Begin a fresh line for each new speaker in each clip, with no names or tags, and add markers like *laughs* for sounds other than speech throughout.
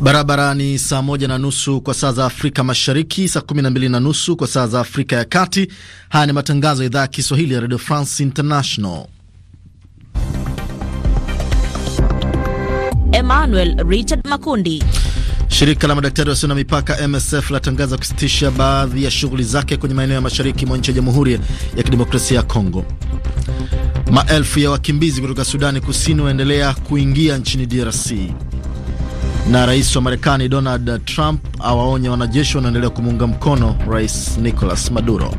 Barabara ni saa moja na nusu kwa saa za Afrika Mashariki, saa kumi na mbili na nusu kwa saa za Afrika ya Kati. Haya ni matangazo ya idhaa ya Kiswahili ya Radio France International.
Emmanuel Richard Makundi.
Shirika la madaktari wasio na mipaka MSF latangaza kusitisha baadhi ya shughuli zake kwenye maeneo ya mashariki mwa nchi ya Jamhuri ya Kidemokrasia ya Kongo. Maelfu ya wakimbizi kutoka Sudani Kusini waendelea kuingia nchini DRC. Na rais wa Marekani Donald Trump awaonya wanajeshi wanaendelea kumuunga mkono rais Nicolas Maduro.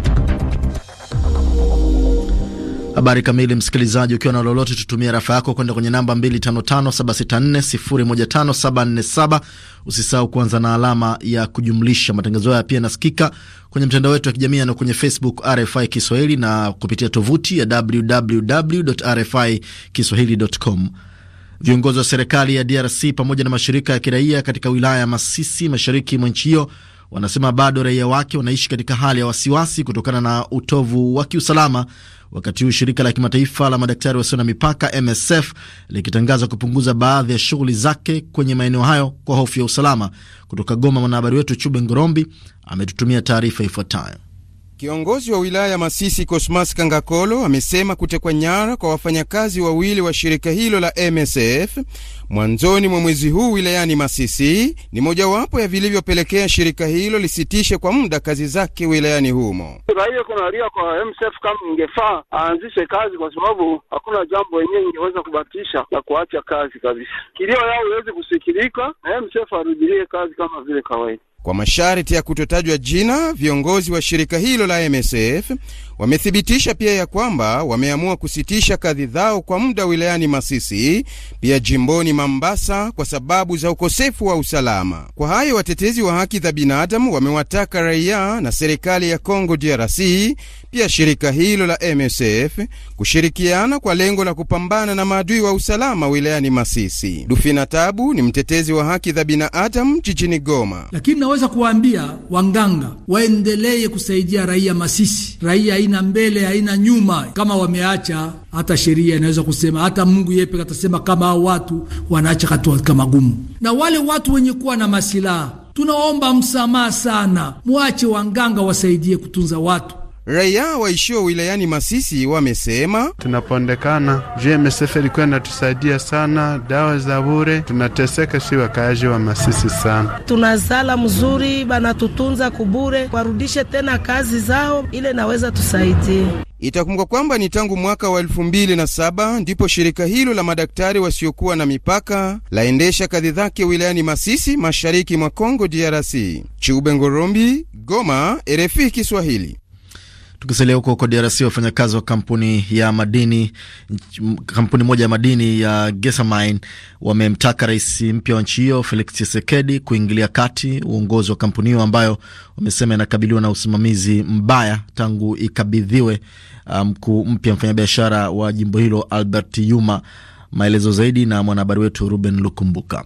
Habari kamili, msikilizaji, ukiwa na lolote, tutumia rafa yako kwenda kwenye namba 255764015747. Usisahau kuanza na alama ya kujumlisha. Matangazo haya pia yanasikika kwenye mtandao wetu wa kijamii na kwenye Facebook RFI Kiswahili na kupitia tovuti ya kiswahilicom Viongozi wa serikali ya DRC pamoja na mashirika ya kiraia katika wilaya ya Masisi mashariki mwa nchi hiyo wanasema bado raia wake wanaishi katika hali ya wasiwasi kutokana na utovu wa kiusalama, wakati huu shirika la kimataifa la madaktari wasio na mipaka MSF likitangaza kupunguza baadhi ya shughuli zake kwenye maeneo hayo kwa hofu ya usalama. Kutoka Goma, mwanahabari wetu Chube Ngorombi ametutumia taarifa ifuatayo.
Kiongozi wa wilaya Masisi Cosmas Kangakolo amesema kutekwa nyara kwa wafanyakazi wawili wa shirika hilo la MSF mwanzoni mwa mwezi huu wilayani Masisi ni mojawapo ya vilivyopelekea shirika hilo lisitishe kwa muda kazi zake wilayani humo.
Raia kunalia kwa MSF kama ingefaa aanzishe kazi, kwa sababu hakuna jambo yenyewe ingeweza kubatisha na kuacha kazi kabisa. Kilio yao iwezi kusikilika na MSF arudilie kazi kama vile kawaida.
Kwa masharti ya kutotajwa jina, viongozi wa shirika hilo la MSF wamethibitisha pia ya kwamba wameamua kusitisha kadhi zao kwa muda wilayani Masisi, pia jimboni Mambasa kwa sababu za ukosefu wa usalama. Kwa hayo, watetezi wa haki za binadamu wamewataka raia na serikali ya Kongo DRC pia shirika hilo la MSF kushirikiana kwa lengo la kupambana na maadui wa usalama wilayani Masisi. Dufina Tabu ni mtetezi wa haki za binadamu jijini Goma.
Lakini naweza kuwaambia wanganga waendelee kusaidia raia Masisi. Raia haina mbele, haina nyuma. Kama wameacha hata sheria inaweza kusema, hata Mungu yeye pekee atasema kama hao watu wanaacha katika magumu, na wale watu wenye kuwa na masilaha tunaomba msamaha sana, mwache wanganga wasaidie kutunza watu
Raia waishio wilayani Masisi wamesema tunapondekana, JMSF ilikuwa inatusaidia sana, dawa za bure. Tunateseka si wakaaji wa Masisi sana,
tunazala mzuri,
banatutunza kubure, warudishe tena kazi zao, ile naweza tusaidie. Itakumbuka kwamba ni tangu mwaka wa elfu mbili na saba ndipo shirika hilo la madaktari wasiokuwa na mipaka laendesha kadhi zake wilayani Masisi, mashariki mwa congo DRC. Chube Ngorombi, Goma, RFI Kiswahili.
Tukisalia huko huko DRC, wafanyakazi wa kampuni ya madini kampuni moja ya madini ya Gesamine wamemtaka rais mpya wa nchi hiyo Felix Tshisekedi kuingilia kati uongozi wa kampuni hiyo ambayo wamesema inakabiliwa na usimamizi mbaya tangu ikabidhiwe uh, mkuu um, mpya mfanyabiashara wa jimbo hilo Albert Yuma. Maelezo zaidi na mwanahabari wetu Ruben Lukumbuka.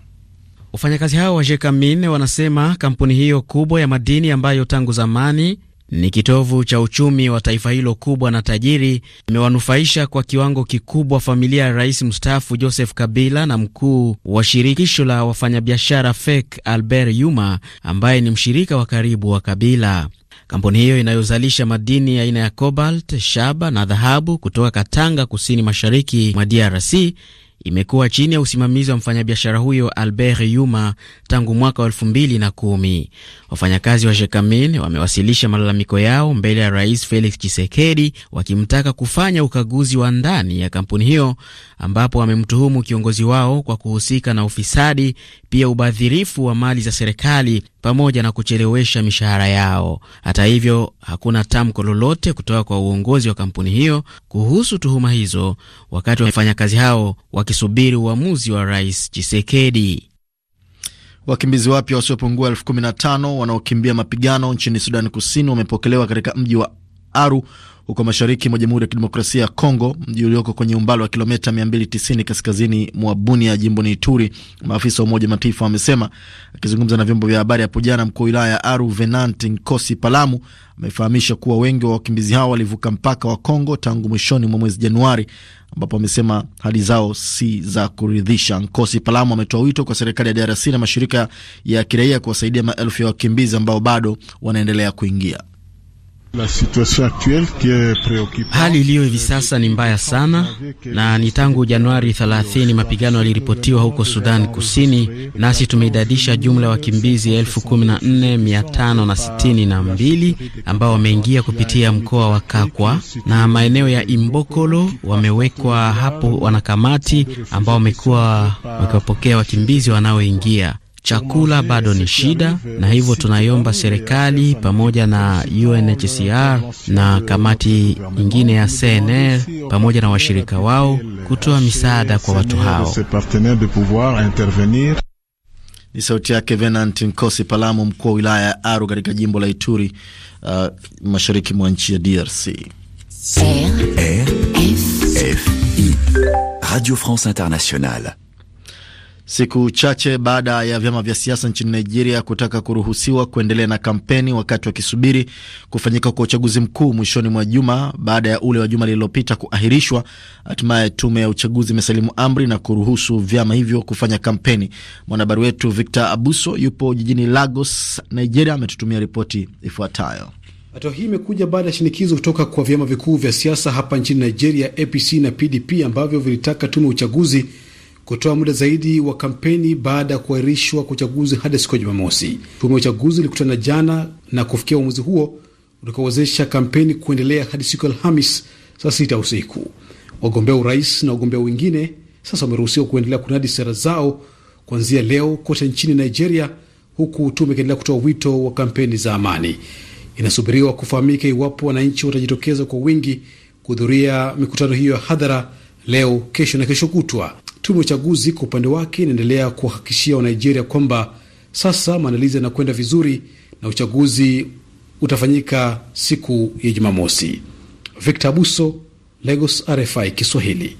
Wafanyakazi hao wa Jekamin wanasema kampuni hiyo kubwa ya madini ambayo tangu zamani ni kitovu cha uchumi wa taifa hilo kubwa na tajiri. Imewanufaisha kwa kiwango kikubwa familia ya rais mstaafu Joseph Kabila na mkuu wa shirikisho la wafanyabiashara FEC Albert Yuma, ambaye ni mshirika wa karibu wa Kabila. Kampuni hiyo inayozalisha madini aina ya cobalt, shaba na dhahabu kutoka Katanga, kusini mashariki mwa DRC imekuwa chini ya usimamizi wa mfanyabiashara huyo Albert Yuma tangu mwaka wa elfu mbili na kumi. Wafanyakazi wa Jekamin wamewasilisha malalamiko yao mbele ya Rais Felix Chisekedi wakimtaka kufanya ukaguzi wa ndani ya kampuni hiyo ambapo wamemtuhumu kiongozi wao kwa kuhusika na ufisadi, pia ubadhirifu wa mali za serikali pamoja na kuchelewesha mishahara yao. Hata hivyo, hakuna tamko lolote kutoka kwa uongozi wa kampuni hiyo kuhusu tuhuma hizo, wakati wafanyakazi hao wakisubiri uamuzi wa Rais Chisekedi.
Wakimbizi wapya wasiopungua elfu kumi na tano wanaokimbia mapigano nchini Sudani Kusini wamepokelewa katika mji wa Aru huko mashariki mwa Jamhuri ya Kidemokrasia ya Kongo, mji ulioko kwenye umbali wa kilomita 290 kaskazini mwa Bunia, ni Ituri, maafisa wa Umoja Mataifa wamesema. Akizungumza na vyombo vya habari hapo jana, mkuu wa wilaya ya Aru Venant Nkosi Palamu amefahamisha kuwa wengi wa wakimbizi hao walivuka mpaka wa Kongo tangu mwishoni mwa mwezi Januari, ambapo amesema hali zao si za kuridhisha. Nkosi Palamu ametoa wito kwa serikali ya DRC na mashirika ya kiraia kuwasaidia maelfu ya wakimbizi
ambao bado wanaendelea kuingia la situation actuelle qui est Hali iliyo hivi sasa ni mbaya sana na ni tangu Januari 30 mapigano yaliripotiwa huko Sudan Kusini, nasi tumeidadisha jumla ya wakimbizi 14562 ambao wameingia kupitia mkoa wa Kakwa na maeneo ya Imbokolo. Wamewekwa hapo wanakamati ambao wamekuwa wakiwapokea wakimbizi wanaoingia chakula bado ni shida, na hivyo tunaiomba serikali pamoja na UNHCR na kamati nyingine ya CNR pamoja na washirika wao kutoa misaada kwa watu hao.
Ni sauti yake Venant Nkosi Palamu, mkuu wa wilaya ya Aru katika jimbo la Ituri, uh, mashariki mwa nchi ya DRC. Radio France Internationale Siku chache baada ya vyama vya siasa nchini Nigeria kutaka kuruhusiwa kuendelea na kampeni wakati wakisubiri kufanyika kwa uchaguzi mkuu mwishoni mwa juma baada ya ule wa juma lililopita kuahirishwa, hatimaye tume ya uchaguzi imesalimu amri na kuruhusu vyama hivyo kufanya kampeni. Mwanahabari wetu Victor Abuso yupo jijini Lagos, Nigeria,
ametutumia ripoti ifuatayo. Hatua hii imekuja baada ya shinikizo kutoka kwa vyama vikuu vya siasa hapa nchini Nigeria, APC na PDP, ambavyo vilitaka tume ya uchaguzi kutoa muda zaidi wa kampeni baada ya kuahirishwa kwa uchaguzi hadi siku ya Jumamosi. Tume ya uchaguzi ilikutana jana na kufikia uamuzi huo utakaowezesha kampeni kuendelea hadi siku ya Alhamis saa sita usiku. Wagombea urais na wagombea wengine sasa wameruhusiwa kuendelea kunadi sera zao kuanzia leo kote nchini Nigeria, huku tume ikiendelea kutoa wito wa kampeni za amani. Inasubiriwa kufahamika iwapo wananchi watajitokeza kwa wingi kuhudhuria mikutano hiyo ya hadhara leo, kesho na kesho kutwa. Tume ya uchaguzi kwa upande wake inaendelea kuwahakikishia Wanigeria kwamba sasa maandalizi yanakwenda vizuri na uchaguzi utafanyika siku ya Jumamosi. Victor Abuso, Lagos, RFI Kiswahili.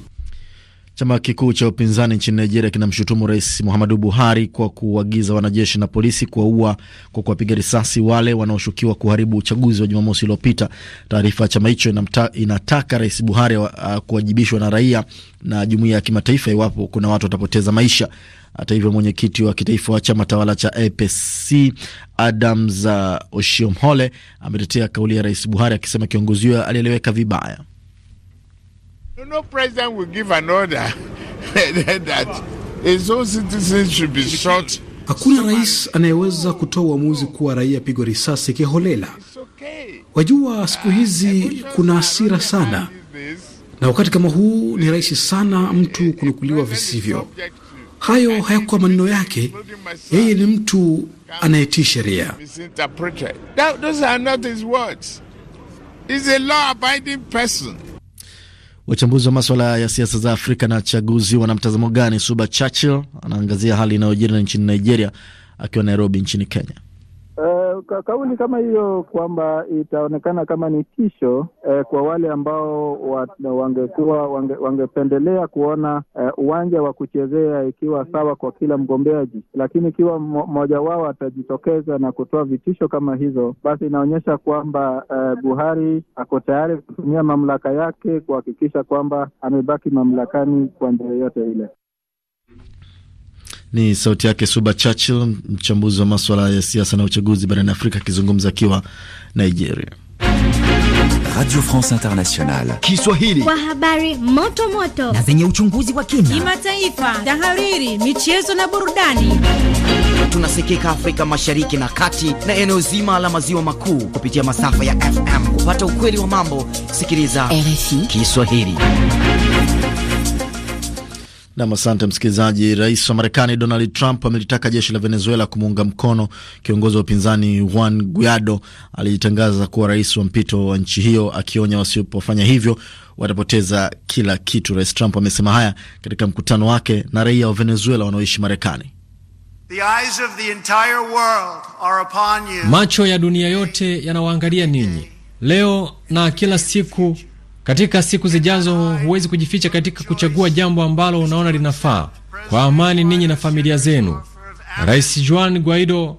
Chama kikuu cha upinzani nchini Nigeria
kinamshutumu Rais Muhammadu Buhari kwa kuagiza wanajeshi na polisi kuwaua kwa kuwapiga risasi wale wanaoshukiwa kuharibu uchaguzi wa Jumamosi uliopita. Taarifa ya chama hicho inataka Rais Buhari uh, kuwajibishwa na raia na jumuiya ya kimataifa iwapo kuna watu watapoteza maisha. Hata hivyo, mwenyekiti wa kitaifa wa chama tawala cha APC Adams uh, Oshiomhole ametetea kauli ya Rais Buhari akisema kiongozi huyo alieleweka vibaya.
No president will give an order *laughs* that his own citizens should be shot.
Hakuna rais anayeweza kutoa uamuzi kuwa raia pigwa risasi kiholela. Wajua, siku ah, hizi kuna hasira sana, na wakati kama huu ni rahisi sana mtu kunukuliwa visivyo. Hayo hayakuwa maneno yake, yeye ni mtu anayetii sheria.
Those are not his words. He's a law-abiding person.
Wachambuzi wa maswala ya siasa za Afrika na chaguzi wana mtazamo gani? Suba Churchill anaangazia hali inayojiri nchini Nigeria akiwa Nairobi nchini Kenya
ka, kauli kama hiyo kwamba itaonekana kama ni tisho eh, kwa wale ambao wa, wangekuwa wange, wangependelea kuona eh, uwanja wa kuchezea ikiwa sawa kwa kila mgombeaji, lakini ikiwa mmoja wao atajitokeza na kutoa vitisho kama hizo, basi inaonyesha kwamba eh, Buhari ako tayari kutumia mamlaka yake kuhakikisha kwamba amebaki mamlakani kwa njia yoyote ile.
Ni sauti yake Suba Churchill, mchambuzi wa maswala ya siasa na uchaguzi barani Afrika, akizungumza akiwa Nigeria. Radio France International
Kiswahili,
kwa habari moto moto na
zenye uchunguzi wa kina,
kimataifa, tahariri, michezo na burudani.
Tunasikika Afrika Mashariki na Kati na eneo zima la maziwa makuu kupitia masafa ya FM. Kupata ukweli wa mambo, sikiliza RFI
Kiswahili. Nam, asante msikilizaji. Rais wa Marekani Donald Trump amelitaka jeshi la Venezuela kumuunga mkono kiongozi wa upinzani Juan Guaido alijitangaza kuwa rais wa mpito wa nchi hiyo, akionya wasipofanya hivyo watapoteza kila kitu. Rais Trump amesema haya katika mkutano wake na raia wa Venezuela wanaoishi Marekani.
Macho ya dunia yote yanawaangalia ninyi leo na kila siku katika siku zijazo, huwezi kujificha katika kuchagua jambo ambalo unaona linafaa kwa amani ninyi na familia zenu. Rais Juan Guaido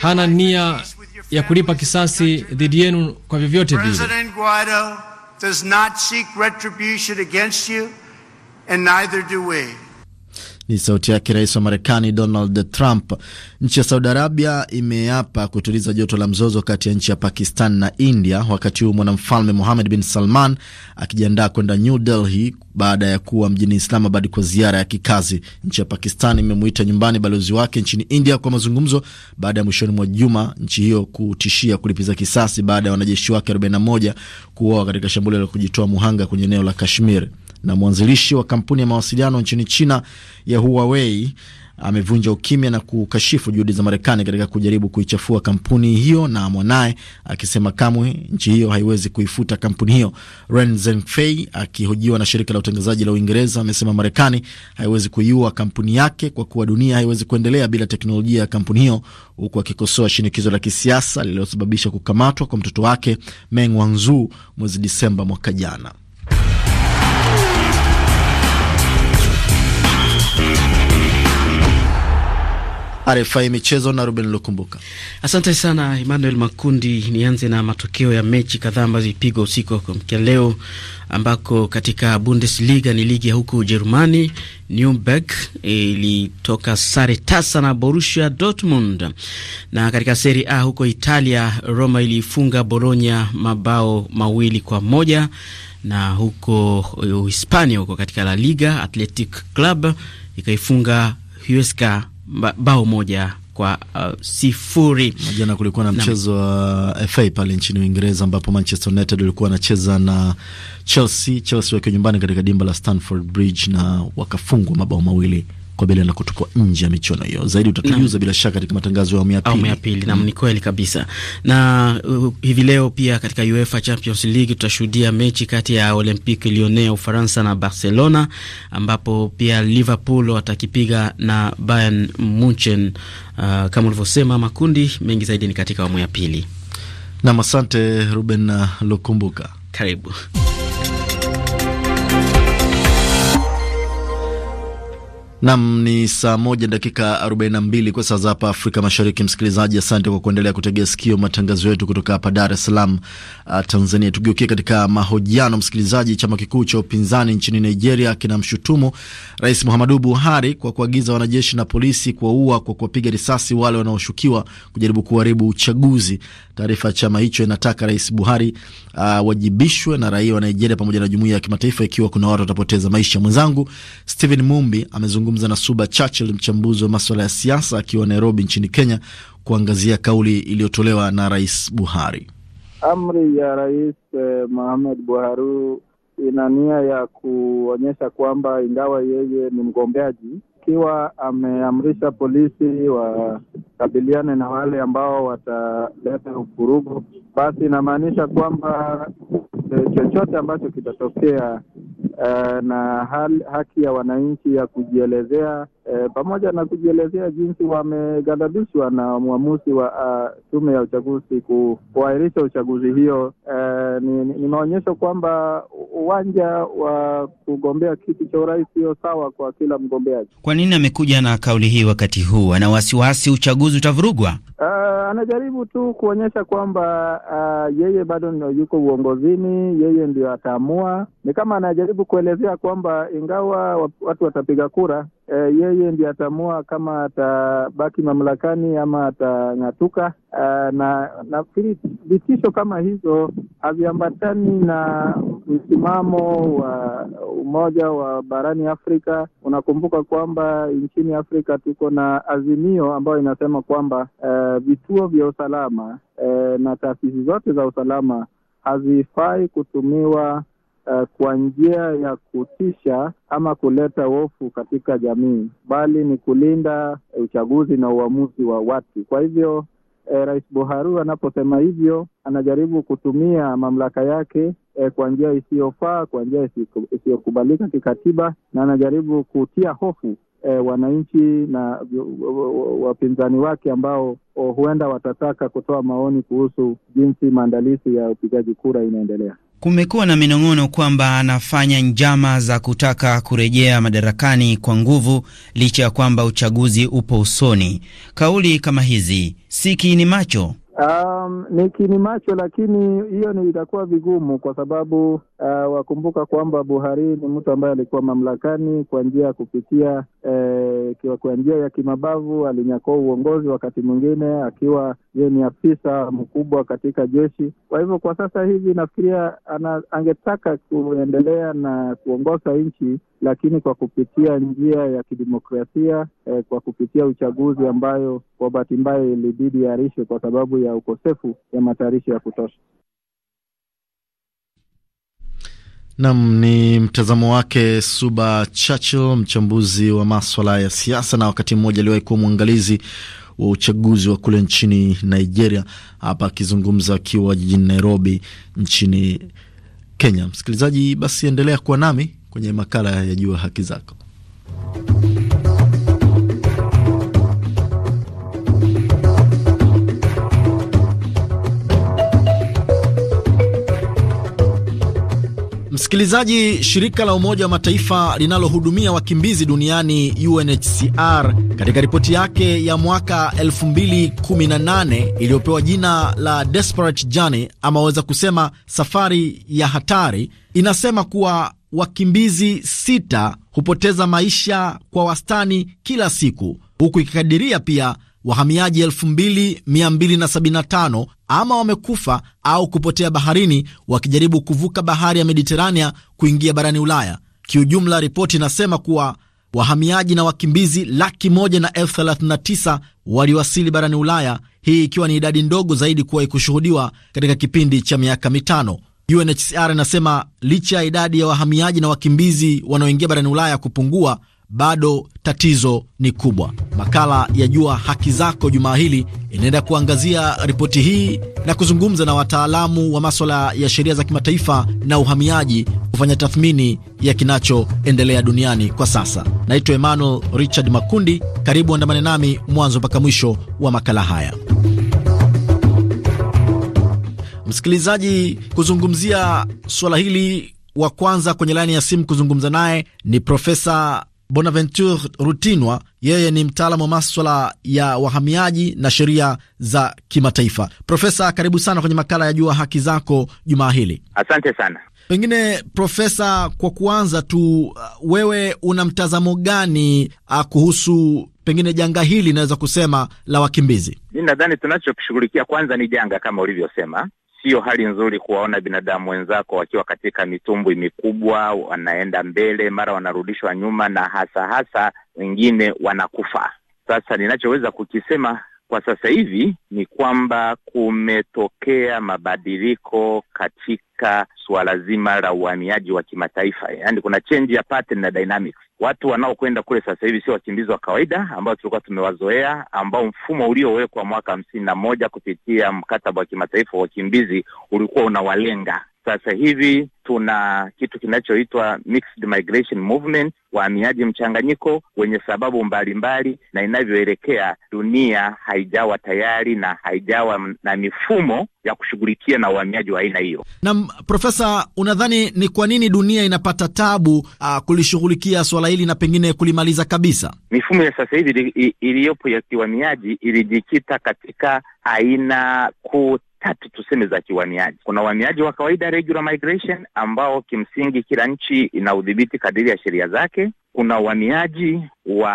hana nia ya kulipa kisasi dhidi yenu kwa vyovyote
vile.
Does not seek retribution against you and neither do we.
Ni sauti yake rais wa Marekani Donald Trump. Nchi ya Saudi Arabia imeapa kutuliza joto la mzozo kati ya nchi ya Pakistan na India, wakati huu mwanamfalme muhamed bin Salman akijiandaa kwenda New Delhi baada ya kuwa mjini Islamabad kwa ziara ya kikazi. Nchi ya Pakistan imemuita nyumbani balozi wake nchini India kwa mazungumzo baada ya mwishoni mwa juma nchi hiyo kutishia kulipiza kisasi baada ya wanajeshi wake 41 kuuawa katika shambulio la kujitoa muhanga kwenye eneo la Kashmir na mwanzilishi wa kampuni ya mawasiliano nchini China ya Huawei amevunja ukimya na kukashifu juhudi za Marekani katika kujaribu kuichafua kampuni hiyo, na mwanaye akisema kamwe nchi hiyo haiwezi kuifuta kampuni hiyo. Ren Zhengfei akihojiwa na shirika la utangazaji la Uingereza amesema Marekani haiwezi kuiua kampuni yake kwa kuwa dunia haiwezi kuendelea bila teknolojia ya kampuni hiyo, huku akikosoa shinikizo la kisiasa lililosababisha kukamatwa kwa mtoto wake Meng Wanzhou mwezi Disemba mwaka jana.
RFI Michezo na Ruben Lukumbuka. Asante sana Emmanuel Makundi. Nianze na matokeo ya mechi kadhaa ambazo ipigwa usiku wa kuamkia leo, ambako katika Bundesliga ni ligi ya huko Ujerumani, Nuremberg ilitoka sare tasa na Borussia Dortmund, na katika Serie A huko Italia, Roma iliifunga Bologna mabao mawili kwa moja na huko eh, Hispania, huko katika La Liga, Athletic Club ikaifunga Huesca bao moja kwa uh, sifuri. Jana kulikuwa na mchezo
wa uh, FA pale nchini Uingereza ambapo Manchester United walikuwa wanacheza na Chelsea, Chelsea wakiwa nyumbani katika dimba la Stamford Bridge na wakafungwa mabao mawili kukabiliana na kutupwa nje ya michuano hiyo. Zaidi utatujuza bila shaka katika matangazo ya awamu ya pili. Naam, ni
kweli kabisa. Na uh, hivi leo pia katika UEFA Champions League tutashuhudia mechi kati ya Olympique Lyonnais Ufaransa na Barcelona, ambapo pia Liverpool watakipiga na Bayern Munich. Uh, kama ulivyosema, makundi mengi zaidi ni katika awamu ya pili. Nam, asante Ruben
Lukumbuka, karibu Nam ni saa moja dakika 42 kwa saa za hapa Afrika Mashariki. Msikilizaji, asante kwa kuendelea kutegea sikio matangazo yetu kutoka hapa Dar es Salaam, uh, Tanzania. Tugeukie katika mahojiano. Msikilizaji, chama kikuu cha upinzani nchini Nigeria kinamshutumu Rais Muhammadu Buhari kwa kuagiza wanajeshi na polisi kuwaua kwa kuwapiga risasi wale wanaoshukiwa kujaribu kuharibu uchaguzi. Taarifa ya chama hicho inataka Rais Buhari awajibishwe uh, na raia wa Nigeria pamoja na jumuia ya kimataifa ikiwa kuna watu watapoteza maisha. Mwenzangu Stephen Mumbi amezungumza nimezungumza na Suba Churchill, mchambuzi wa maswala ya siasa, akiwa Nairobi nchini Kenya, kuangazia kauli iliyotolewa na Rais Buhari.
Amri ya Rais eh, Mohamed Buhari ina nia ya kuonyesha kwamba ingawa yeye ni mgombeaji, ikiwa ameamrisha polisi wakabiliane na wale ambao wataleta vurugu, basi inamaanisha kwamba eh, chochote ambacho kitatokea uh, na hal, haki ya wananchi ya kujielezea eh, pamoja na kujielezea jinsi wamegadhabishwa na mwamuzi wa uh, tume ya uchaguzi kuahirisha uchaguzi hiyo. Eh, ni, ni, ni maonyesho kwamba uwanja wa kugombea kiti cha urais sio sawa kwa kila mgombeaji.
Kwa nini amekuja
na kauli hii wakati huu? Ana wasiwasi uchaguzi utavurugwa?
Uh, anajaribu tu kuonyesha kwamba uh, yeye bado yuko uongozini, yeye ndio ataamua. Ni kama anajaribu kujaribu kuelezea kwamba ingawa watu watapiga kura e, yeye ndiye ataamua kama atabaki mamlakani ama atang'atuka. E, na nafikiri vitisho kama hizo haviambatani na msimamo wa umoja wa barani Afrika. Unakumbuka kwamba nchini Afrika tuko na azimio ambayo inasema kwamba e, vituo vya usalama e, na taasisi zote za usalama hazifai kutumiwa uh, kwa njia ya kutisha ama kuleta hofu katika jamii, bali ni kulinda uchaguzi na uamuzi wa watu. Kwa hivyo eh, Rais Buhari anaposema hivyo anajaribu kutumia mamlaka yake eh, kwa njia isiyofaa, kwa njia isiyokubalika kikatiba, na anajaribu kutia hofu E, wananchi na wapinzani wake ambao oh, huenda watataka kutoa maoni kuhusu jinsi maandalizi ya upigaji kura inaendelea.
Kumekuwa na minong'ono kwamba anafanya njama za kutaka kurejea madarakani kwa nguvu licha ya kwamba uchaguzi upo usoni. Kauli kama hizi si kiini macho?
Um, ni kini macho lakini hiyo ni itakuwa vigumu kwa sababu uh, wakumbuka kwamba Buhari ni mtu ambaye alikuwa mamlakani kwa njia ya kupitia eh, kwa njia ya kimabavu. Alinyakua uongozi wakati mwingine akiwa yeye ni afisa mkubwa katika jeshi. Kwa hivyo kwa sasa hivi nafikiria ana, angetaka kuendelea na kuongoza nchi lakini kwa kupitia njia ya kidemokrasia eh, kwa kupitia uchaguzi ambayo kwa bahati mbaya ilibidi iarishwe kwa sababu ya ukosefu ya matayarisho ya kutosha.
Nam ni mtazamo wake Suba Churchill, mchambuzi wa maswala ya siasa na wakati mmoja aliwahi kuwa mwangalizi wa uchaguzi wa kule nchini Nigeria, hapa akizungumza akiwa jijini Nairobi nchini Kenya. Msikilizaji, basi endelea kuwa nami kwenye makala ya Jua Haki Zako. Msikilizaji, shirika la Umoja wa Mataifa linalohudumia wakimbizi duniani UNHCR katika ripoti yake ya mwaka 2018 iliyopewa jina la Desperate Journey ama waweza kusema safari ya hatari, inasema kuwa wakimbizi sita hupoteza maisha kwa wastani kila siku, huku ikikadiria pia wahamiaji 2275 ama wamekufa au kupotea baharini wakijaribu kuvuka bahari ya Mediterania kuingia barani Ulaya. Kiujumla, ripoti inasema kuwa wahamiaji na wakimbizi laki moja na elfu 39 waliwasili barani Ulaya, hii ikiwa ni idadi ndogo zaidi kuwahi kushuhudiwa katika kipindi cha miaka mitano. UNHCR inasema licha ya idadi ya wahamiaji na wakimbizi wanaoingia barani Ulaya kupungua bado tatizo ni kubwa. Makala ya Jua Haki Zako jumaa hili inaenda kuangazia ripoti hii na kuzungumza na wataalamu wa maswala ya sheria za kimataifa na uhamiaji kufanya tathmini ya kinachoendelea duniani kwa sasa. Naitwa Emmanuel Richard Makundi, karibu andamane nami mwanzo mpaka mwisho wa makala haya. Msikilizaji, kuzungumzia suala hili, wa kwanza kwenye laini ya simu kuzungumza naye ni Profesa Bonaventure Rutinwa, yeye ni mtaalamu wa maswala ya wahamiaji na sheria za kimataifa. Profesa, karibu sana kwenye makala ya Jua Haki Zako jumaa hili.
Asante sana.
Pengine Profesa, kwa kuanza tu, uh, wewe una mtazamo gani uh, kuhusu pengine janga hili inaweza kusema la wakimbizi?
Mi nadhani tunachokishughulikia kwanza ni janga kama ulivyosema, sio hali nzuri kuwaona binadamu wenzako wakiwa katika mitumbwi mikubwa, wanaenda mbele, mara wanarudishwa nyuma, na hasa hasa wengine wanakufa. Sasa ninachoweza kukisema kwa sasa hivi ni kwamba kumetokea mabadiliko katika suala zima la uhamiaji wa kimataifa, yani kuna change ya pattern na dynamics. Watu wanaokwenda kule sasa hivi sio wakimbizi wa kawaida ambao tulikuwa tumewazoea, ambao mfumo uliowekwa mwaka hamsini na moja kupitia mkataba wa kimataifa wa wakimbizi ulikuwa unawalenga. Sasa hivi tuna kitu kinachoitwa mixed migration movement, wahamiaji mchanganyiko wenye sababu mbalimbali mbali, na inavyoelekea dunia haijawa tayari na haijawa na mifumo ya kushughulikia na uhamiaji wa aina hiyo.
Naam, Profesa, unadhani ni kwa nini dunia inapata tabu ah, kulishughulikia swala hili na pengine kulimaliza kabisa?
Mifumo ya sasa hivi iliyopo ya kiwamiaji ilijikita katika aina kuu tatu tuseme za kiwamiaji Kuna uhamiaji wa kawaida regular migration, ambao kimsingi kila nchi ina udhibiti kadiri ya sheria zake. Kuna uhamiaji wa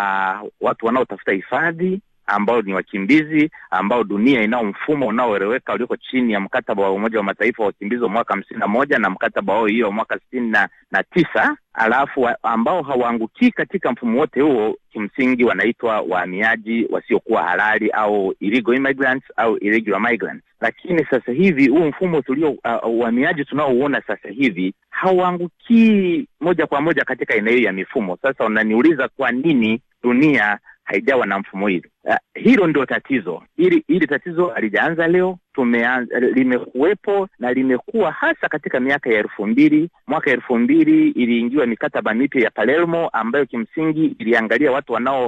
watu wanaotafuta hifadhi ambao ni wakimbizi ambao dunia inao mfumo unaoeleweka ulioko chini ya mkataba wa Umoja wa Mataifa wa wakimbizi wa mwaka hamsini na moja na mkataba wao hiyo wa mwaka sitini na, na tisa alafu ambao hawaangukii katika mfumo wote huo, kimsingi wanaitwa wahamiaji wasiokuwa halali au illegal immigrants au irregular migrants. Lakini sasa hivi huu mfumo tulio uh, uhamiaji uh, tunaouona sasa hivi hawaangukii moja kwa moja katika aina hiyo ya mifumo. Sasa unaniuliza kwa nini dunia haijawa na mfumo hili. Uh, eh, hilo ndio tatizo. Hili hili tatizo halijaanza leo, tumeanza limekuwepo na limekuwa hasa katika miaka ya elfu mbili. Mwaka elfu mbili iliingiwa mikataba mipya ya Palermo ambayo kimsingi iliangalia watu wanao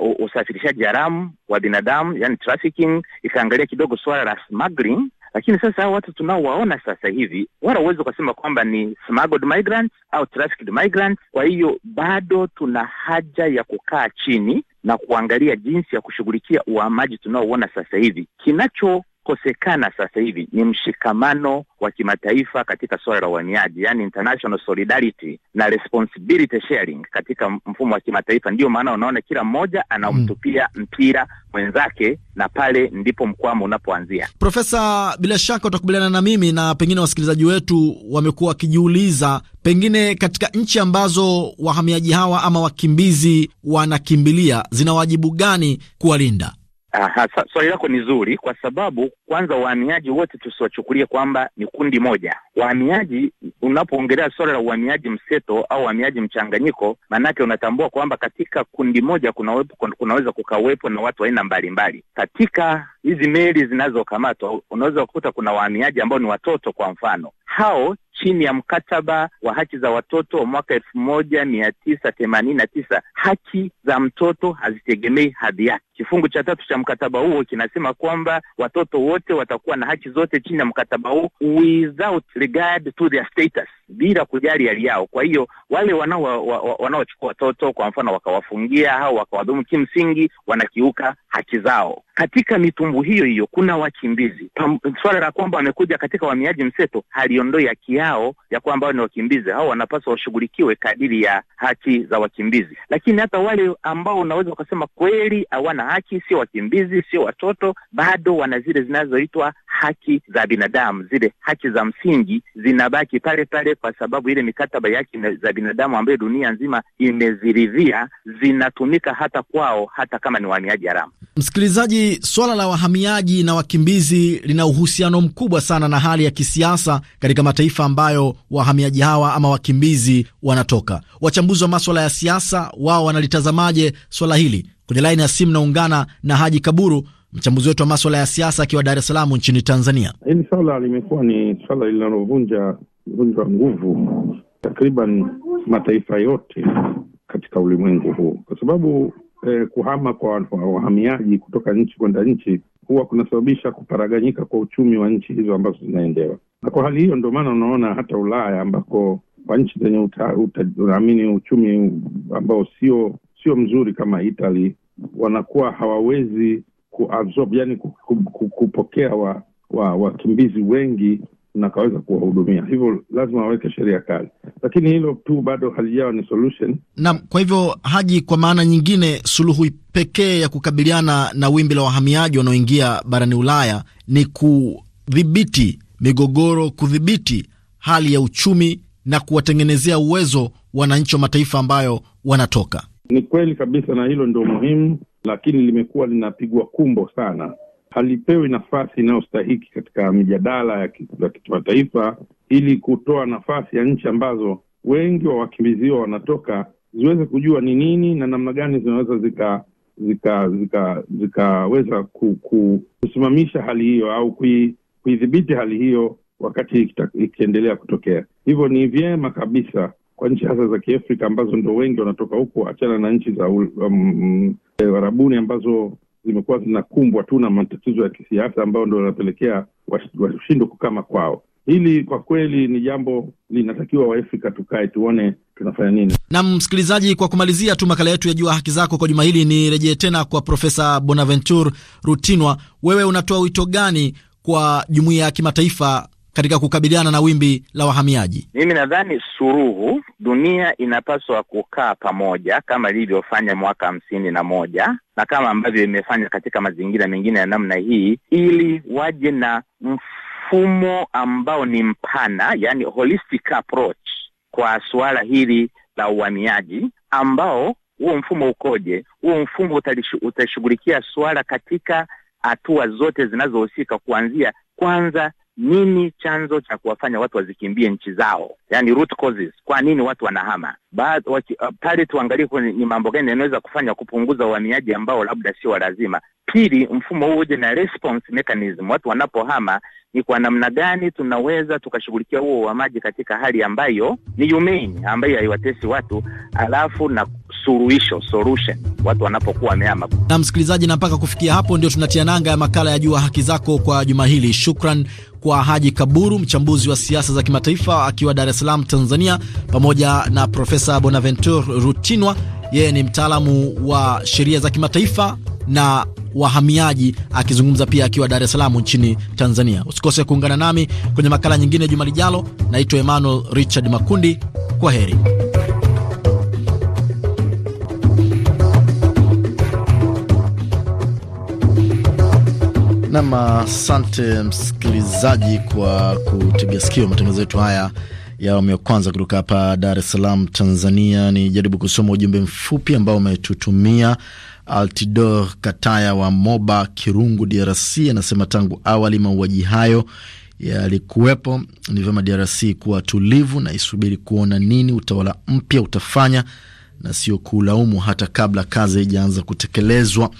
uh, usafirishaji haramu wa binadamu, yani trafficking, ikaangalia kidogo suala la smuggling lakini sasa hao watu tunaowaona sasa hivi wala huwezi ukasema kwamba ni smuggled migrants au trafficked migrants. Kwa hiyo bado tuna haja ya kukaa chini na kuangalia jinsi ya kushughulikia uhamaji tunaouona sasa hivi. Kinacho kinachokosekana sasa hivi ni mshikamano wa kimataifa katika suala la uhamiaji, yani international solidarity na responsibility sharing katika mfumo wa kimataifa. Ndiyo maana unaona kila mmoja anamtupia mm, mpira mwenzake, na pale ndipo mkwamo unapoanzia.
Profesa, bila shaka utakubaliana na mimi na pengine wasikilizaji wetu wamekuwa wakijiuliza, pengine katika nchi ambazo wahamiaji hawa ama wakimbizi wanakimbilia zina wajibu gani kuwalinda?
Aha, ah, swali lako ni zuri kwa sababu kwanza wahamiaji wote tusiwachukulie kwamba ni kundi moja. Uhamiaji, unapoongelea swala la uhamiaji mseto au uhamiaji mchanganyiko, maanake unatambua kwamba katika kundi moja kunawepo, kunaweza kukawepo na watu aina mbalimbali. Katika hizi meli zinazokamatwa, unaweza kukuta kuna wahamiaji ambao ni watoto, kwa mfano hao chini ya mkataba wa haki za watoto wa mwaka elfu moja mia tisa themanini na tisa. Haki za mtoto hazitegemei hadhi yake. Kifungu cha tatu cha mkataba huo kinasema kwamba watoto wote watakuwa na haki zote chini ya mkataba huo without regard to their status bila kujali hali yao. Kwa hiyo wale wanaochukua wa, wa, watoto kwa mfano wakawafungia au wakawadhumu, kimsingi wanakiuka haki zao. Katika mitumbu hiyo hiyo kuna wakimbizi. Swala la kwamba wamekuja katika uhamiaji mseto haliondoi haki yao ya kwamba ni wakimbizi, hao wanapaswa washughulikiwe kadiri ya haki za wakimbizi. Lakini hata wale ambao unaweza ukasema kweli hawana haki, sio wakimbizi, sio watoto, bado wana zile zinazoitwa haki za binadamu, zile haki za msingi zinabaki pale pale, kwa sababu ile mikataba ya haki za binadamu ambayo dunia nzima imeziridhia zinatumika hata kwao, hata kama ni wahamiaji haramu.
Msikilizaji, swala la wahamiaji na wakimbizi lina uhusiano mkubwa sana na hali ya kisiasa katika mataifa ambayo wahamiaji hawa ama wakimbizi wanatoka. Wachambuzi wa maswala ya siasa wao wanalitazamaje swala hili? Kwenye laini ya simu naungana na Haji Kaburu mchambuzi wetu wa maswala ya siasa akiwa Dar es Salaam nchini Tanzania.
Hili swala limekuwa ni swala linalovunja vunjwa nguvu takriban mataifa yote katika ulimwengu huu kwa sababu eh, kuhama kwa wahamiaji kutoka nchi kwenda nchi huwa kunasababisha kuparaganyika kwa uchumi wa nchi hizo ambazo zinaendewa, na kwa hali hiyo ndio maana unaona hata Ulaya ambako kwa nchi zenye unaamini uchumi ambao sio sio mzuri kama Italy wanakuwa hawawezi kuabsorb, yani kupokea wa wakimbizi wengi na kaweza kuwahudumia, hivyo lazima waweke sheria kali, lakini hilo tu bado halijawa ni solution.
Naam, kwa hivyo Haji, kwa maana nyingine, suluhu pekee ya kukabiliana na wimbi la wahamiaji wanaoingia barani Ulaya ni kudhibiti migogoro, kudhibiti hali ya uchumi na kuwatengenezea uwezo wananchi wa mataifa ambayo wanatoka.
Ni kweli kabisa, na hilo ndio muhimu lakini limekuwa linapigwa kumbo sana, halipewi nafasi inayostahiki katika mijadala ya kimataifa, ili kutoa nafasi ya nchi ambazo wengi wa wakimbiziwa wanatoka ziweze kujua ni nini na namna gani zinaweza zika zikaweza zika, zika ku, ku, kusimamisha hali hiyo au kuidhibiti hali hiyo wakati ikiendelea kutokea. Hivyo ni vyema kabisa kwa nchi hasa za Kiafrika ambazo ndo wengi wanatoka huku, achana na nchi za um, e, Warabuni ambazo zimekuwa zinakumbwa tu na matatizo ya kisiasa ambayo ndo wanapelekea washindwe kukama kwao. Hili kwa kweli ni jambo linatakiwa Waafrika tukae tuone tunafanya nini.
Na msikilizaji, kwa kumalizia tu makala yetu ya Jua Haki Zako kwa juma hili, nirejee tena kwa Profesa Bonaventure Rutinwa, wewe unatoa wito gani kwa jumuiya ya kimataifa katika kukabiliana na wimbi la wahamiaji?
Mimi nadhani suruhu, dunia inapaswa kukaa pamoja kama ilivyofanya mwaka hamsini na moja na kama ambavyo imefanya katika mazingira mengine ya namna hii, ili waje na mfumo ambao ni mpana, yani holistic approach kwa suala hili la uhamiaji, ambao huo mfumo ukoje? Huo mfumo utashughulikia suala katika hatua zote zinazohusika kuanzia kwanza nini chanzo cha kuwafanya watu wazikimbie nchi zao, yani root causes. Kwa nini watu wanahama? Pale uh, tuangalie ni mambo gani yanaweza kufanya kupunguza uhamiaji ambao labda sio lazima. Pili, mfumo huu uje na response mechanism, watu wanapohama ni kwa namna gani tunaweza tukashughulikia huo uhamaji katika hali ambayo ni humane, ambayo haiwatesi watu, alafu na suluhisho solution watu wanapokuwa wameama.
Na msikilizaji, na mpaka kufikia hapo ndio tunatia nanga ya makala ya Jua Haki Zako kwa juma hili. Shukran kwa Haji Kaburu, mchambuzi wa siasa za kimataifa akiwa Dar es Salaam, Tanzania, pamoja na Profesa Bonaventure Rutinwa, yeye ni mtaalamu wa sheria za kimataifa na wahamiaji akizungumza pia akiwa Dar es Salaam nchini Tanzania. Usikose kuungana nami kwenye makala nyingine juma lijalo. Naitwa Emmanuel Richard Makundi, kwa heri. Nam, asante msikilizaji kwa kutega sikio matangazo yetu haya ya awamu ya kwanza kutoka hapa Dar es Salaam, Tanzania. Ni jaribu kusoma ujumbe mfupi ambao umetutumia. Altidor Kataya wa Moba Kirungu, DRC anasema tangu awali mauaji hayo yalikuwepo, ni vyema DRC kuwa tulivu na isubiri kuona nini utawala mpya utafanya na sio kulaumu hata kabla kazi haijaanza kutekelezwa.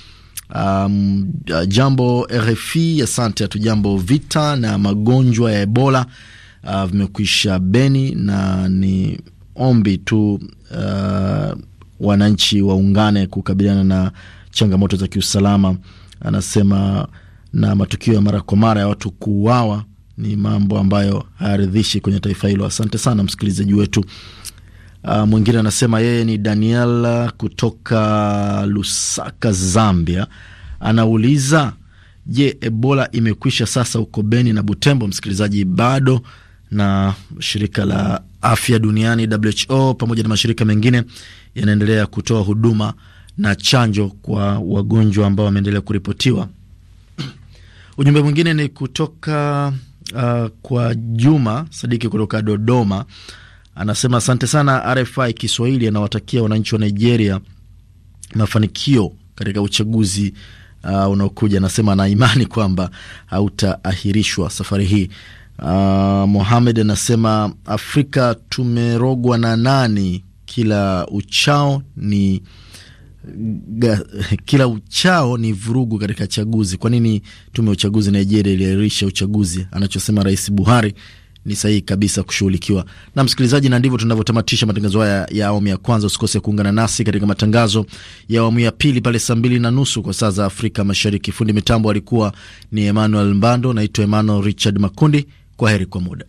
Um, uh, jambo RFI, asante. jambo Vita na magonjwa ya Ebola uh, vimekwisha Beni, na ni ombi tu uh, wananchi waungane kukabiliana na changamoto za kiusalama, anasema na matukio ya mara kwa mara ya watu kuuawa ni mambo ambayo hayaridhishi kwenye taifa hilo. Asante sana msikilizaji wetu. Uh, mwingine anasema yeye ni Daniel kutoka Lusaka, Zambia. Anauliza, je, Ebola imekwisha sasa huko Beni na Butembo? Msikilizaji, bado na shirika la afya duniani WHO pamoja na mashirika mengine yanaendelea kutoa huduma na chanjo kwa wagonjwa ambao wameendelea kuripotiwa. *clears throat* Ujumbe mwingine ni kutoka uh, kwa Juma Sadiki kutoka Dodoma. Anasema asante sana RFI Kiswahili, anawatakia wananchi wa Nigeria mafanikio katika uchaguzi uh, unaokuja. Anasema ana imani kwamba hautaahirishwa safari hii. Uh, Mohamed anasema Afrika tumerogwa na nani? Kila uchao ni ga, *laughs* kila uchao ni vurugu katika chaguzi. Kwa nini tume ya uchaguzi Nigeria iliahirisha uchaguzi? Anachosema Rais Buhari ni sahihi kabisa kushughulikiwa. Na msikilizaji, na ndivyo tunavyotamatisha matangazo haya ya awamu ya kwanza. Usikose kuungana nasi katika matangazo ya awamu ya pili pale saa mbili na nusu kwa saa za Afrika Mashariki. Fundi mitambo alikuwa ni Emmanuel Mbando, naitwa Emmanuel Richard Makundi. Kwa heri kwa muda.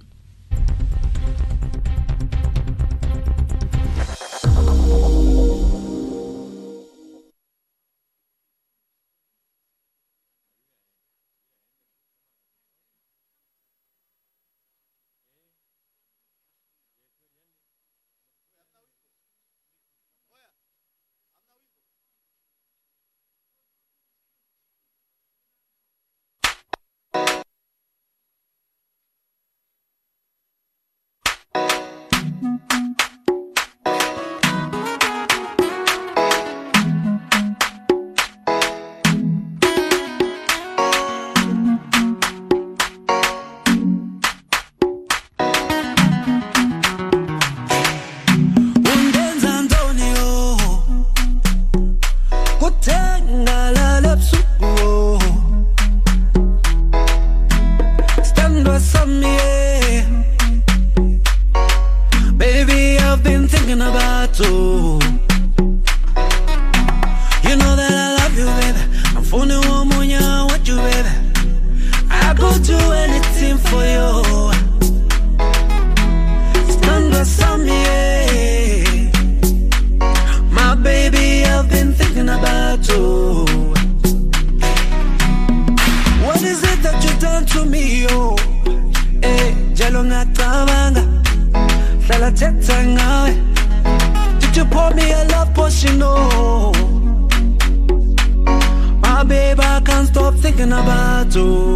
Baby, I've been thinking about you. You know that I love you, baby. I'm phoning one more, want you, baby. I go do anything for you. you know. My babe, I can't stop thinking about you.